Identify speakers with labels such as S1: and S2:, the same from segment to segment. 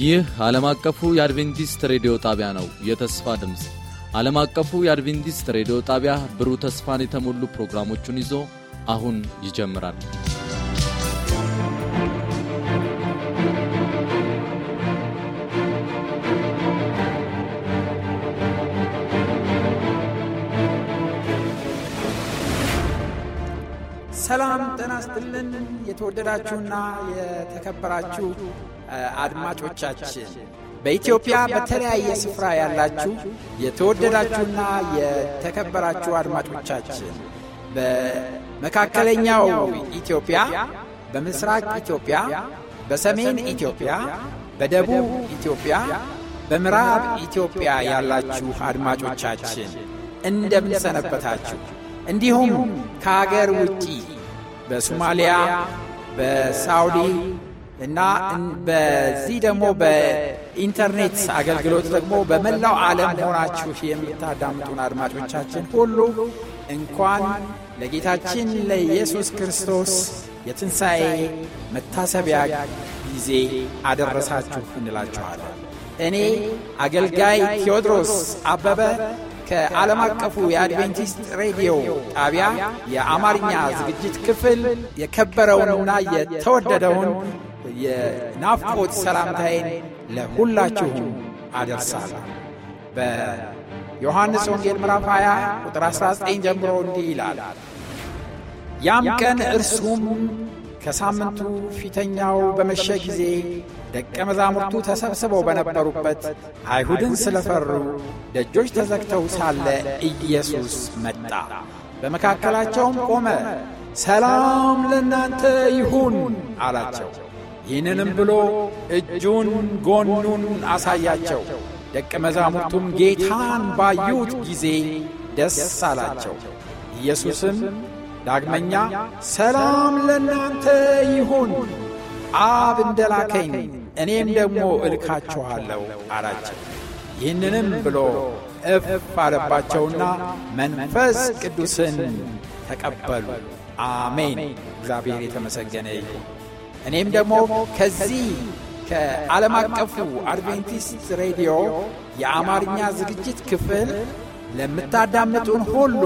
S1: ይህ ዓለም አቀፉ የአድቬንቲስት ሬዲዮ ጣቢያ ነው። የተስፋ ድምፅ ዓለም አቀፉ የአድቬንቲስት ሬዲዮ ጣቢያ ብሩህ ተስፋን የተሞሉ ፕሮግራሞቹን ይዞ አሁን ይጀምራል።
S2: ሰላም ጤና የተወደዳችሁና የተከበራችሁ አድማጮቻችን በኢትዮጵያ በተለያየ ስፍራ ያላችሁ የተወደዳችሁና የተከበራችሁ አድማጮቻችን በመካከለኛው ኢትዮጵያ፣ በምስራቅ ኢትዮጵያ፣ በሰሜን ኢትዮጵያ፣ በደቡብ ኢትዮጵያ፣ በምዕራብ ኢትዮጵያ ያላችሁ አድማጮቻችን እንደምንሰነበታችሁ፣ እንዲሁም ከአገር ውጪ በሶማሊያ፣ በሳውዲ እና በዚህ ደግሞ በኢንተርኔት አገልግሎት ደግሞ በመላው ዓለም ሆናችሁ የምታዳምጡን አድማጮቻችን ሁሉ እንኳን ለጌታችን ለኢየሱስ ክርስቶስ የትንሣኤ መታሰቢያ ጊዜ አደረሳችሁ እንላችኋለን። እኔ አገልጋይ ቴዎድሮስ አበበ ከዓለም አቀፉ የአድቬንቲስት ሬዲዮ ጣቢያ የአማርኛ ዝግጅት ክፍል የከበረውንና የተወደደውን የናፍቆት ሰላምታዬን ለሁላችሁም አደርሳለ በዮሐንስ ወንጌል ምራፍ 20 ቁጥር 19 ጀምሮ እንዲህ ይላል፣ ያም ቀን እርሱም ከሳምንቱ ፊተኛው በመሸ ጊዜ ደቀ መዛሙርቱ ተሰብስበው በነበሩበት አይሁድን ስለፈሩ ደጆች ተዘግተው ሳለ ኢየሱስ መጣ፣ በመካከላቸውም ቆመ። ሰላም ለእናንተ ይሁን አላቸው። ይህንንም ብሎ እጁን ጎኑን አሳያቸው። ደቀ መዛሙርቱም ጌታን ባዩት ጊዜ ደስ አላቸው። ኢየሱስም ዳግመኛ ሰላም ለእናንተ ይሁን፣ አብ እንደላከኝ እኔም ደግሞ እልካችኋለሁ አላቸው። ይህንንም ብሎ እፍ አለባቸውና መንፈስ ቅዱስን ተቀበሉ። አሜን። እግዚአብሔር የተመሰገነ ይሁን። እኔም ደግሞ ከዚህ ከዓለም አቀፉ አድቬንቲስት ሬዲዮ የአማርኛ ዝግጅት ክፍል ለምታዳምጡን ሁሉ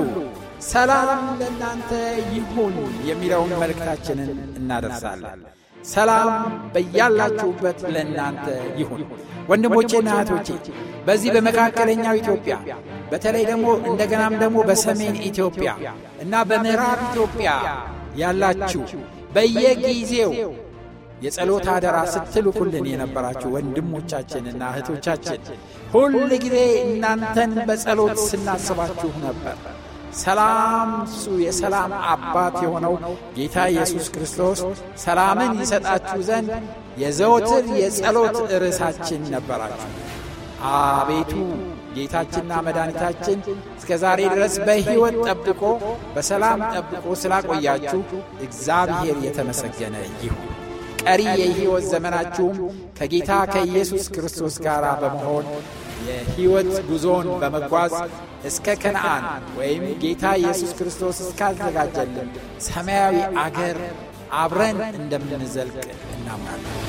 S2: ሰላም ለእናንተ ይሁን የሚለውን መልእክታችንን እናደርሳለን። ሰላም በያላችሁበት ለእናንተ ይሁን። ወንድሞቼ እህቶቼ በዚህ በመካከለኛው ኢትዮጵያ በተለይ ደግሞ እንደገናም ደግሞ በሰሜን ኢትዮጵያ እና በምዕራብ ኢትዮጵያ ያላችሁ በየጊዜው የጸሎት አደራ ስትልኩልን የነበራችሁ ወንድሞቻችንና እህቶቻችን ሁል ጊዜ እናንተን በጸሎት ስናስባችሁ ነበር። ሰላም እሱ የሰላም አባት የሆነው ጌታ ኢየሱስ ክርስቶስ ሰላምን ይሰጣችሁ ዘንድ የዘወትር የጸሎት ርዕሳችን ነበራችሁ። አቤቱ ጌታችንና መድኃኒታችን እስከ ዛሬ ድረስ በሕይወት ጠብቆ በሰላም ጠብቆ ስላቆያችሁ እግዚአብሔር የተመሰገነ ይሁን። ቀሪ የሕይወት ዘመናችሁም ከጌታ ከኢየሱስ ክርስቶስ ጋር በመሆን የሕይወት ጉዞን በመጓዝ እስከ ከነአን ወይም ጌታ ኢየሱስ ክርስቶስ እስካዘጋጀልን ሰማያዊ አገር አብረን እንደምንዘልቅ እናምናለን።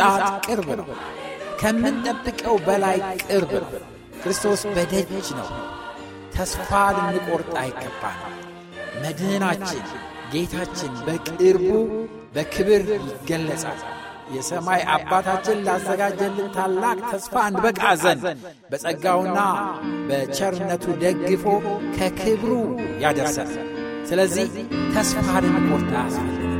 S2: ምጽአት ቅርብ ነው። ከምንጠብቀው በላይ ቅርብ ነው። ክርስቶስ በደጅ ነው። ተስፋ ልንቆርጥ አይገባን። መድህናችን ጌታችን በቅርቡ በክብር ይገለጻል። የሰማይ አባታችን ላዘጋጀልን ታላቅ ተስፋ እንበቃ ዘንድ በጸጋውና በቸርነቱ ደግፎ ከክብሩ ያደርሰል። ስለዚህ ተስፋ ልንቆርጥ አያስፈልግም።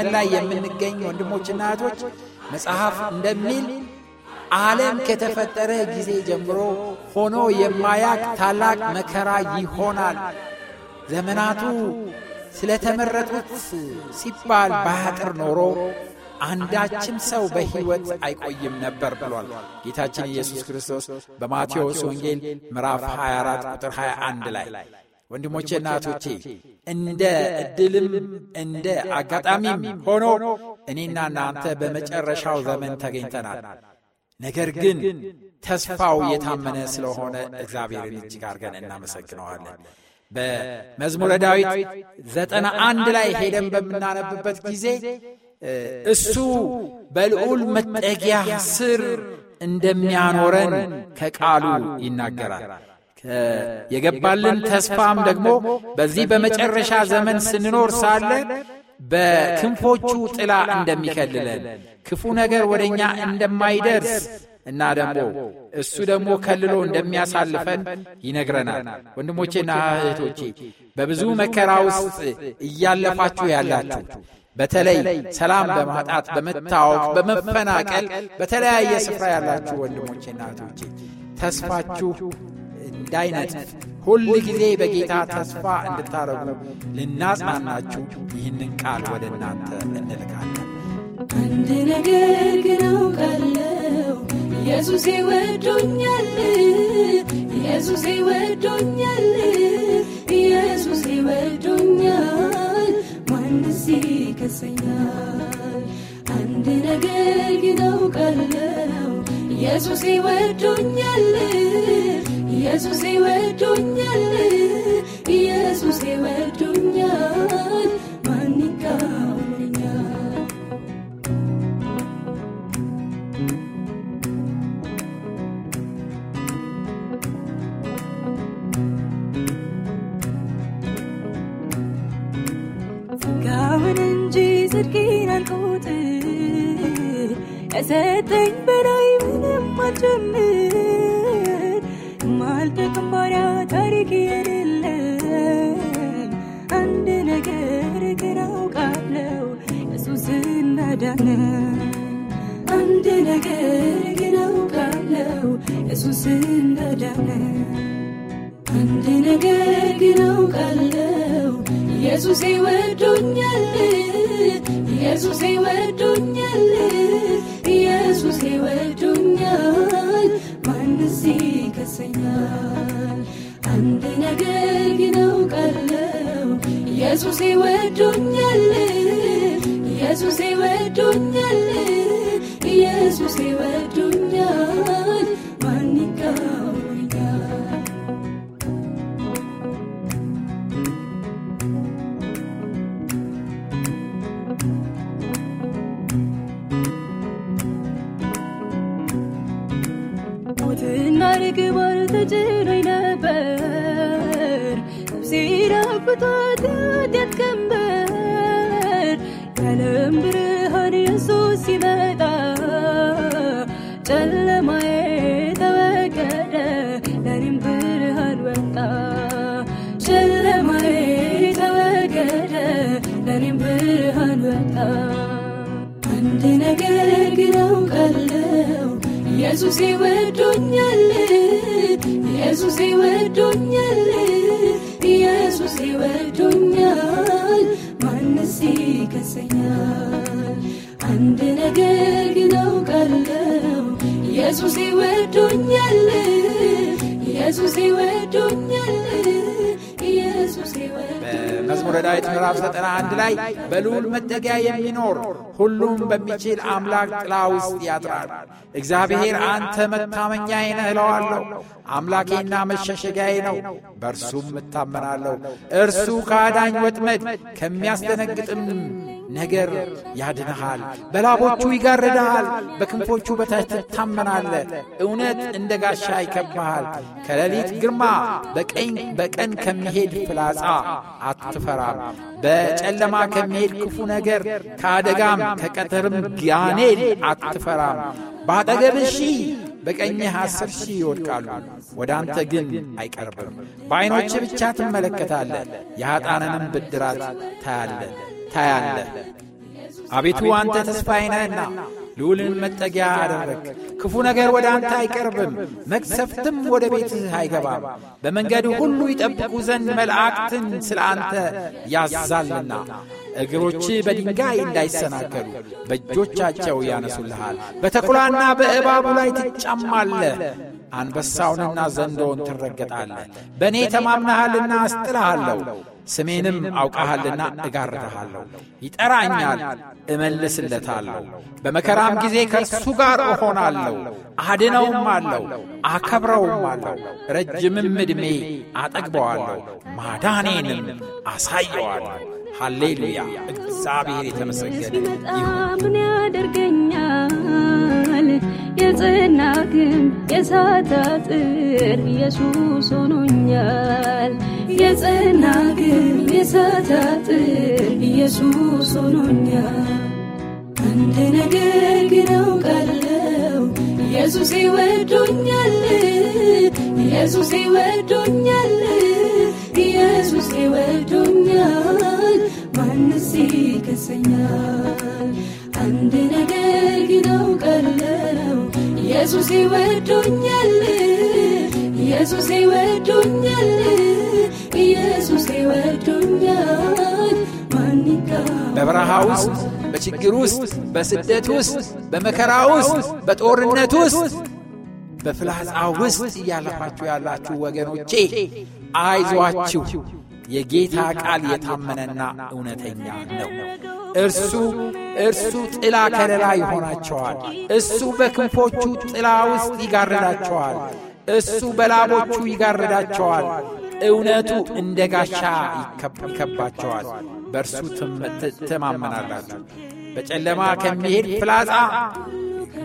S2: ዘመን ላይ የምንገኝ ወንድሞችና እህቶች መጽሐፍ እንደሚል ዓለም ከተፈጠረ ጊዜ ጀምሮ ሆኖ የማያቅ ታላቅ መከራ ይሆናል። ዘመናቱ ስለተመረጡት ሲባል ባያጥር ኖሮ አንዳችም ሰው በሕይወት አይቆይም ነበር ብሏል ጌታችን ኢየሱስ ክርስቶስ በማቴዎስ ወንጌል ምዕራፍ 24 ቁጥር 21 ላይ ወንድሞቼና እህቶቼ እንደ እድልም እንደ አጋጣሚም ሆኖ እኔና እናንተ በመጨረሻው ዘመን ተገኝተናል።
S1: ነገር ግን ተስፋው የታመነ ስለሆነ እግዚአብሔርን
S2: እጅግ አድርገን እናመሰግነዋለን።
S1: በመዝሙረ ዳዊት ዘጠና አንድ ላይ ሄደን በምናነብበት
S2: ጊዜ እሱ በልዑል መጠጊያ ስር እንደሚያኖረን ከቃሉ ይናገራል። የገባልን ተስፋም ደግሞ በዚህ በመጨረሻ ዘመን ስንኖር ሳለ በክንፎቹ ጥላ እንደሚከልለን ክፉ ነገር ወደ እኛ እንደማይደርስ እና ደግሞ እሱ ደግሞ ከልሎ እንደሚያሳልፈን ይነግረናል። ወንድሞቼና እህቶቼ በብዙ መከራ ውስጥ እያለፋችሁ ያላችሁ በተለይ ሰላም በማጣት በመታወቅ፣ በመፈናቀል በተለያየ ስፍራ ያላችሁ ወንድሞቼና እህቶቼ
S1: ተስፋችሁ
S2: እንዳይነጥፍ ሁል ጊዜ በጌታ ተስፋ እንድታረጉ ልናጽናናችሁ ይህንን ቃል ወደ እናንተ እንልካለን።
S3: አንድ ነገር ግነው አውቃለሁ፣ ኢየሱሴ ወዶኛል፣ ኢየሱሴ ወዶኛል፣
S1: ኢየሱሴ ወዶኛል፣
S3: ማንስ ይከሰኛል? አንድ ነገር ግነው አውቃለሁ፣ ኢየሱሴ ወዶኛል Yesusi wetu nyele, Yesusi wetu nyele, manika unya. Kavan enji zirkinan kote, Ese ting benayi vinim ስንረዳነ አንድ ነገር ግን አውቃለው ኢየሱሴ ወዶኛል ኢየሱሴ ወዶኛል ኢየሱሴ ወዶኛል ማንስ ይከሰኛል አንድ ነገር ግን አውቃለው ኢየሱሴ ምግባር ተጭኖኝ ነበር ነፍሴ ዳብቷት የኃጢአት ቀንበር ብርሃን ኢየሱስ ሲመጣ ጨለማዬ ተወገደ ለኔም ብርሃን ወጣ ጨለማዬ ተወገደ ለኔም ብርሃን ወጣ አንድ ነገር ግነው ቀለው ኢየሱስ ይወዶኛል ወዶኛል ኢየሱስ ይወዶኛል ማንስ ይከሰኛል አንድ ነገር ግን አውቃለው ኢየሱስ ይወዶኛል ኢየሱስ ይወዶኛል
S2: ወረዳ ምዕራፍ 91 ላይ በልዑል መጠጊያ የሚኖር ሁሉም በሚችል አምላክ ጥላ ውስጥ ያጥራል። እግዚአብሔር አንተ መታመኛዬ ነህ እለዋለሁ። አምላኬና መሸሸጊያዬ ነው፣ በእርሱም እታመናለሁ። እርሱ ከአዳኝ ወጥመድ ከሚያስደነግጥም ነገር ያድንሃል፣ በላቦቹ ይጋርድሃል፣ በክንፎቹ በታች ትታመናለ። እውነት እንደ ጋሻ ይከብሃል። ከሌሊት ግርማ በቀን ከሚሄድ ፍላጻ አትፈራም። በጨለማ ከሚሄድ ክፉ ነገር ከአደጋም ከቀትርም ጋኔል አትፈራም። በአጠገብ ሺህ በቀኝህ አስር ሺህ ይወድቃሉ፣ ወደ አንተ ግን አይቀርብም። በዐይኖች ብቻ ትመለከታለህ፣ የኀጣንንም ብድራት ታያለህ። ታያለ አቤቱ አንተ ተስፋዬ ነህና
S1: ልዑልን መጠጊያ አደረግ። ክፉ ነገር ወደ አንተ አይቀርብም፣
S2: መቅሰፍትም ወደ ቤትህ አይገባም። በመንገዱ ሁሉ ይጠብቁ ዘንድ መላእክትን ስለ አንተ ያዛልና እግሮች በድንጋይ እንዳይሰናከሉ በእጆቻቸው ያነሱልሃል። በተኩላና በእባቡ ላይ ትጫማለህ፣ አንበሳውንና ዘንዶውን ትረገጣለህ። በእኔ ተማምናሃልና አስጥልሃለሁ ስሜንም አውቀሃልና እጋርድሃለሁ። ይጠራኛል፣ እመልስለታለሁ። በመከራም ጊዜ ከእርሱ ጋር እሆናለሁ፣ አድነውም አለው፣ አከብረውም አለው። ረጅምም ዕድሜ አጠግበዋለሁ፣ ማዳኔንም አሳየዋለሁ። ሃሌሉያ! እግዚአብሔር የተመሰገነ
S3: ምን ያደርገኛል የጽና ግንብ የሳታ ኢየሱስ ሆኖኛል። የጸና ግን የሳታት ኢየሱስ ሆኖኛል። አንድ ነገር ግን አውቃለው ኢየሱስ ይወዶኛል፣ ኢየሱስ ይወዶኛል፣
S2: ኢየሱስ ይወዶኛል።
S3: ማንስ ይከሰኛል? አንድ ነገር ግን አውቃለው ኢየሱስ ይወዶኛል፣ ኢየሱስ ይወዶኛል ኢየሱስ ይወዱኛል
S2: በበረሃ ውስጥ በችግር ውስጥ በስደት ውስጥ በመከራ ውስጥ በጦርነት ውስጥ በፍላጻ ውስጥ እያለፋችሁ ያላችሁ ወገኖቼ አይዟችሁ የጌታ ቃል የታመነና እውነተኛ ነው እርሱ እርሱ ጥላ ከለላ ይሆናቸዋል እሱ በክንፎቹ ጥላ ውስጥ ይጋርዳቸዋል እሱ በላቦቹ ይጋርዳቸዋል እውነቱ እንደ ጋሻ ይከባቸዋል፣ በእርሱ ትተማመናላችሁ። በጨለማ ከሚሄድ ፍላጻ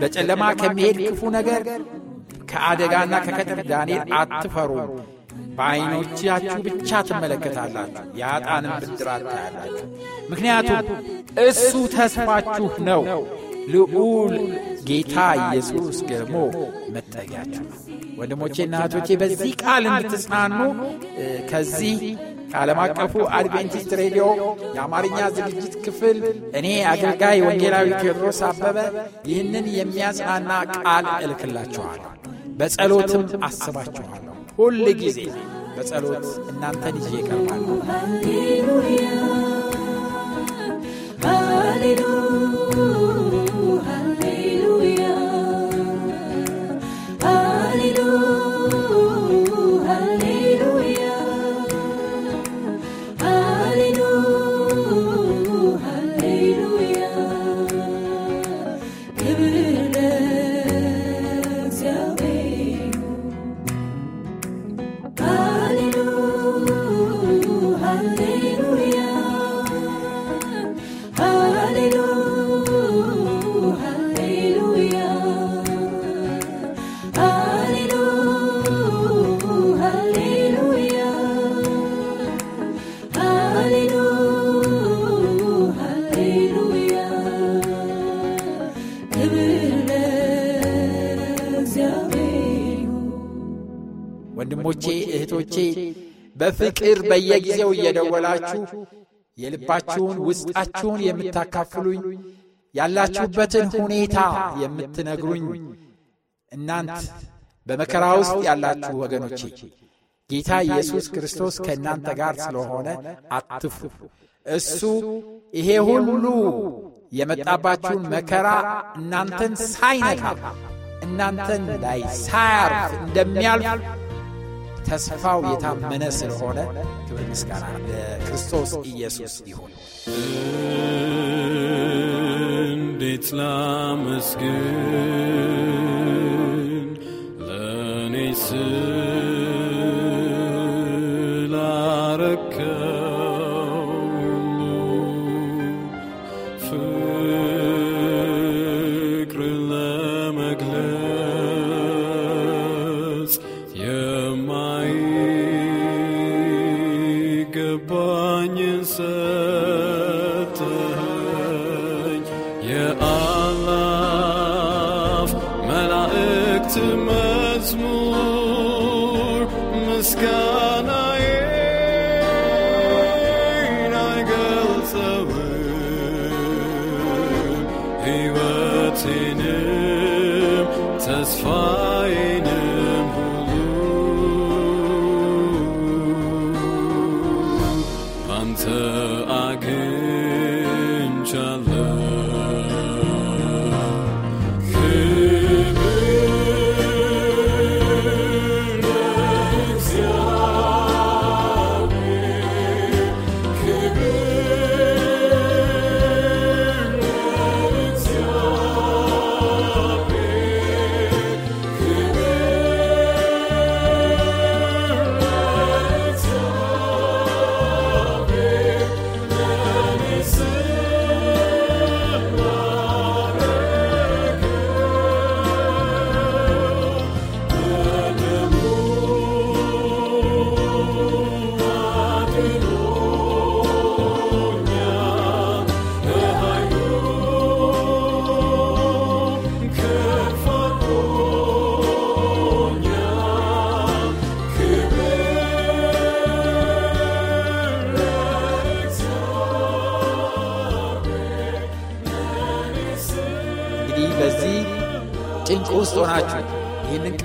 S2: በጨለማ ከሚሄድ ክፉ ነገር ከአደጋና ከከጥር ዳንኤል አትፈሩ በዐይኖቻችሁ ብቻ ትመለከታላችሁ፣ የአጣንም ብድራት ታያላችሁ። ምክንያቱም እሱ ተስፋችሁ ነው። ልዑል ጌታ ኢየሱስ ገርሞ መጠጊያችሁ ነው ወንድሞቼና እህቶቼ በዚህ ቃል እንድትጽናኑ ከዚህ ከዓለም አቀፉ አድቬንቲስት ሬዲዮ የአማርኛ ዝግጅት ክፍል እኔ አገልጋይ ወንጌላዊ ቴዎድሮስ አበበ ይህንን የሚያጽናና ቃል እልክላችኋለሁ በጸሎትም አስባችኋለሁ ሁል ጊዜ በጸሎት እናንተን ይዤ
S1: እቀርባለሁ
S3: Tuhan
S2: ፍቅር በየጊዜው እየደወላችሁ የልባችሁን ውስጣችሁን የምታካፍሉኝ ያላችሁበትን ሁኔታ የምትነግሩኝ እናንት በመከራ ውስጥ ያላችሁ ወገኖቼ ጌታ ኢየሱስ ክርስቶስ ከእናንተ ጋር ስለሆነ አትፍሩ። እሱ ይሄ ሁሉ የመጣባችሁን መከራ እናንተን ሳይነካ እናንተን ላይ ሳያርፍ እንደሚያልፍ ተስፋው የታመነ ስለሆነ ክብር ምስጋና ለክርስቶስ ኢየሱስ ይሁን።
S1: እንዴት ላመስግን ለእኔ answer.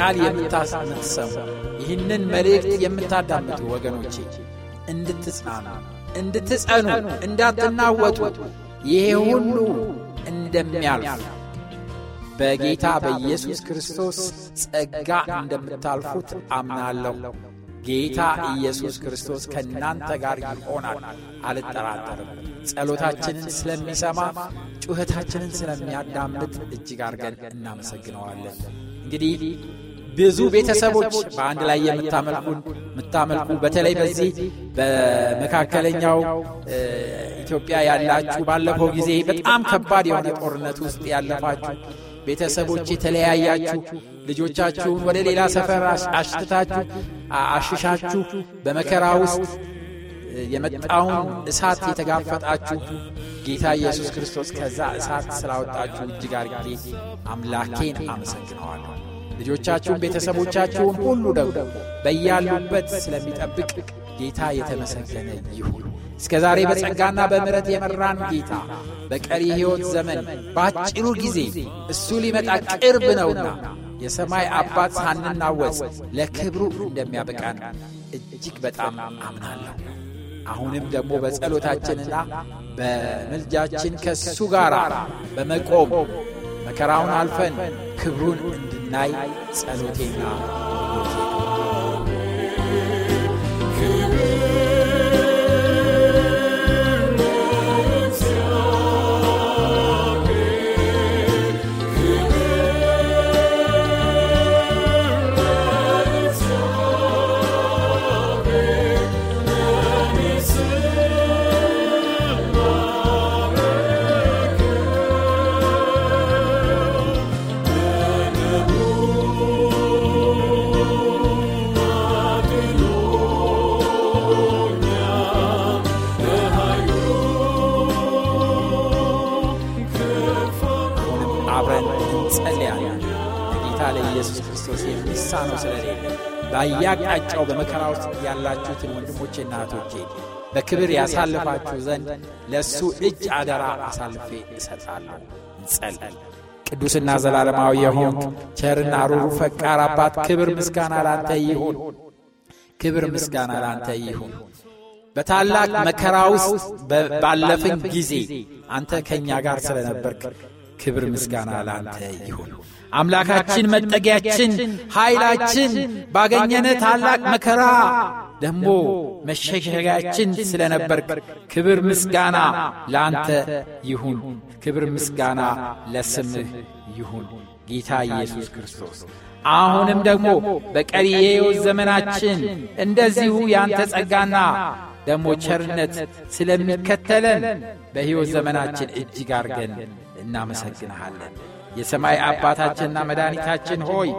S2: ቃል የምታሰሙ ይህንን መልእክት የምታዳምጡ ወገኖቼ እንድትጽናኑ እንድትጸኑ እንዳትናወጡ ይሄ ሁሉ እንደሚያልፍ በጌታ በኢየሱስ ክርስቶስ ጸጋ እንደምታልፉት አምናለሁ። ጌታ ኢየሱስ ክርስቶስ ከእናንተ ጋር ይሆናል፣ አልጠራጠርም። ጸሎታችንን ስለሚሰማ ጩኸታችንን ስለሚያዳምጥ እጅግ አድርገን እናመሰግነዋለን። እንግዲህ ብዙ ቤተሰቦች በአንድ ላይ የምታመልኩን የምታመልኩ በተለይ በዚህ በመካከለኛው ኢትዮጵያ ያላችሁ ባለፈው ጊዜ በጣም ከባድ የሆነ ጦርነት ውስጥ ያለፋችሁ ቤተሰቦች የተለያያችሁ ልጆቻችሁን ወደ ሌላ ሰፈር አሽትታችሁ አሽሻችሁ በመከራ ውስጥ የመጣውን እሳት የተጋፈጣችሁ ጌታ ኢየሱስ ክርስቶስ ከዛ እሳት ስላወጣችሁ እጅግ አርጌ አምላኬን አመሰግነዋለሁ። ልጆቻችሁን፣ ቤተሰቦቻችሁን ሁሉ ደግሞ በያሉበት ስለሚጠብቅ ጌታ የተመሰገነ ይሁን። እስከ ዛሬ በጸጋና በምረት የመራን ጌታ በቀሪ ሕይወት ዘመን በአጭሩ ጊዜ እሱ ሊመጣ ቅርብ ነውና የሰማይ አባት ሳንናወጽ ለክብሩ እንደሚያበቃን እጅግ በጣም አምናለሁ። አሁንም ደግሞ በጸሎታችንና በምልጃችን ከእሱ ጋር በመቆም መከራውን አልፈን ክብሩን ናይ ጸሎቴና በየአቅጣጫው በመከራ ውስጥ ያላችሁትን ወንድሞቼና እህቶቼ በክብር ያሳልፋችሁ ዘንድ ለእሱ እጅ አደራ አሳልፌ እሰጣለሁ። እንጸልይ።
S1: ቅዱስና ዘላለማዊ የሆንክ ቸርና ሩሩ ፈቃር አባት ክብር ምስጋና ላንተ ይሁን።
S2: ክብር ምስጋና ላንተ ይሁን። በታላቅ መከራ ውስጥ ባለፍን ጊዜ አንተ ከእኛ ጋር ስለነበርክ ክብር ምስጋና ላንተ ይሁን። አምላካችን መጠጊያችን ኃይላችን ባገኘነ ታላቅ መከራ ደግሞ መሸሸጋያችን ስለ ነበርክ ክብር ምስጋና ለአንተ ይሁን። ክብር ምስጋና ለስምህ ይሁን ጌታ ኢየሱስ ክርስቶስ። አሁንም ደግሞ በቀሪ የሕይወት ዘመናችን እንደዚሁ ያንተ ጸጋና ደግሞ ቸርነት ስለሚከተለን በሕይወት ዘመናችን እጅግ አርገን እናመሰግንሃለን። የሰማይ አባታችንና መድኃኒታችን ሆይ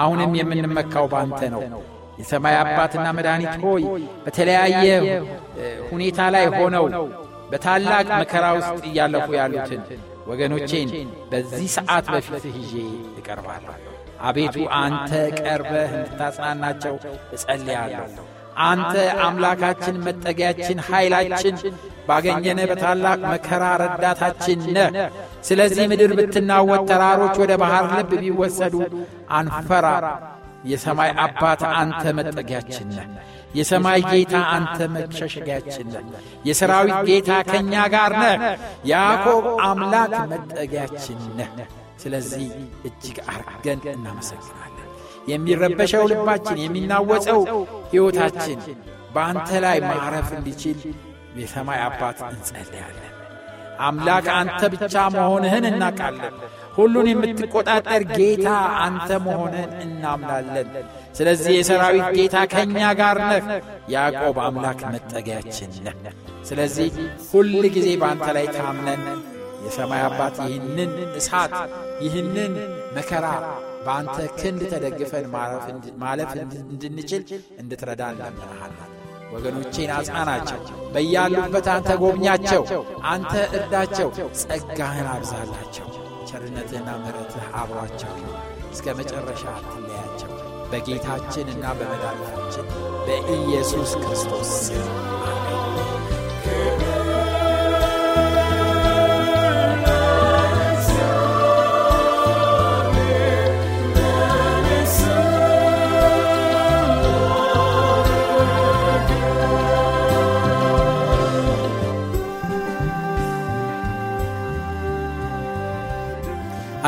S2: አሁንም የምንመካው ባንተ ነው። የሰማይ አባትና መድኃኒት ሆይ በተለያየ ሁኔታ ላይ ሆነው በታላቅ መከራ ውስጥ እያለፉ ያሉትን ወገኖቼን በዚህ ሰዓት በፊት ይዤ እቀርባለሁ። አቤቱ አንተ ቀርበህ እንድታጽናናቸው እጸልያለሁ። አንተ አምላካችን፣ መጠጊያችን፣ ኃይላችን፣ ባገኘነ በታላቅ መከራ ረዳታችን ነህ። ስለዚህ ምድር ብትናወጥ ተራሮች ወደ ባሕር ልብ ቢወሰዱ አንፈራ የሰማይ አባት አንተ መጠጊያችን ነህ የሰማይ ጌታ አንተ መሸሸጊያችን ነህ የሰራዊት ጌታ ከእኛ ጋር ነህ ያዕቆብ አምላክ መጠጊያችን ነህ ስለዚህ እጅግ አርገን እናመሰግናለን የሚረበሸው ልባችን የሚናወጸው ሕይወታችን በአንተ ላይ ማዕረፍ እንዲችል የሰማይ አባት እንጸልያለን አምላክ አንተ ብቻ መሆንህን እናውቃለን። ሁሉን የምትቆጣጠር ጌታ አንተ መሆንህን እናምናለን። ስለዚህ የሰራዊት ጌታ ከእኛ ጋር ነህ፣ ያዕቆብ አምላክ መጠጊያችን ነህ። ስለዚህ ሁል ጊዜ በአንተ ላይ ታምነን የሰማይ አባት ይህንን እሳት ይህንን መከራ በአንተ ክንድ ተደግፈን ማለፍ እንድንችል እንድትረዳን ለምንሃለን። ወገኖቼን አጽናናቸው፣ በያሉበት አንተ ጎብኛቸው፣ አንተ እርዳቸው፣ ጸጋህን አብዛላቸው፣ ቸርነትህና ምሕረትህ አብሯቸው እስከ መጨረሻ አትለያቸው። በጌታችንና በመድኃኒታችን በኢየሱስ ክርስቶስ ስም አሜን።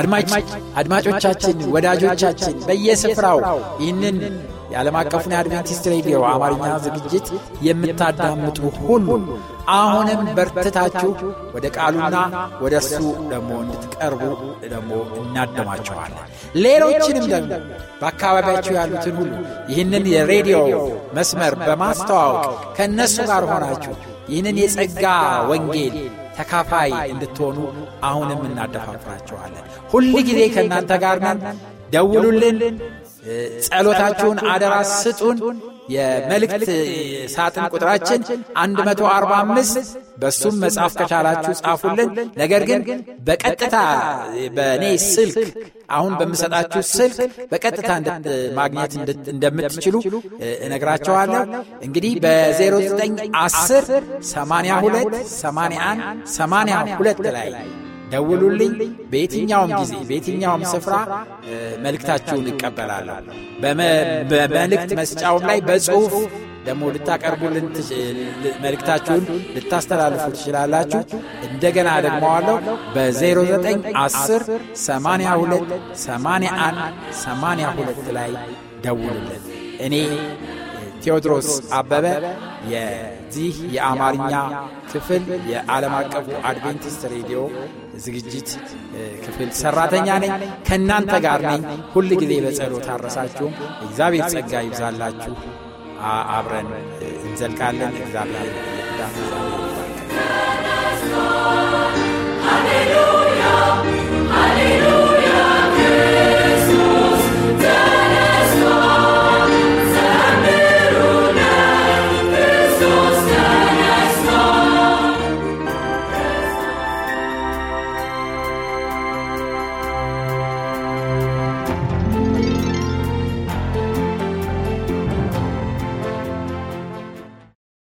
S2: አድማጮቻችን፣ ወዳጆቻችን በየስፍራው ይህንን የዓለም አቀፉን የአድቬንቲስት ሬዲዮ አማርኛ ዝግጅት የምታዳምጡ ሁሉ አሁንም በርትታችሁ ወደ ቃሉና ወደ እሱ ደግሞ እንድትቀርቡ ደግሞ እናደማችኋለን። ሌሎችንም ደግሞ በአካባቢያቸው ያሉትን ሁሉ ይህንን የሬዲዮ መስመር በማስተዋወቅ ከእነሱ ጋር ሆናችሁ ይህንን የጸጋ ወንጌል ተካፋይ እንድትሆኑ አሁንም እናደፋፍራችኋለን። ሁል ጊዜ ከእናንተ ጋር ነን። ደውሉልን። ጸሎታችሁን አደራ ስጡን። የመልእክት ሳጥን ቁጥራችን 145 በሱም መጽሐፍ ከቻላችሁ ጻፉልን። ነገር ግን በቀጥታ በእኔ ስልክ አሁን በምሰጣችሁ ስልክ በቀጥታ ማግኘት እንደምትችሉ እነግራቸዋለሁ። እንግዲህ በ0910 82 81 82 ላይ ደውሉልኝ። በየትኛውም ጊዜ በየትኛውም ስፍራ መልእክታችሁን እቀበላለሁ። በመልእክት መስጫውም ላይ በጽሁፍ ደግሞ ልታቀርቡልን መልእክታችሁን ልታስተላልፉ ትችላላችሁ። እንደገና ደግመዋለሁ። በ0910 82 81 82 ላይ ደውሉልን። እኔ ቴዎድሮስ አበበ የዚህ የአማርኛ ክፍል የዓለም አቀፉ አድቬንቲስት ሬዲዮ ዝግጅት ክፍል ሰራተኛ ነኝ። ከእናንተ ጋር ነኝ። ሁል ጊዜ በጸሎት አረሳችሁም። እግዚአብሔር ጸጋ ይብዛላችሁ። አብረን እንዘልቃለን። እግዚአብሔር
S1: Hallelujah!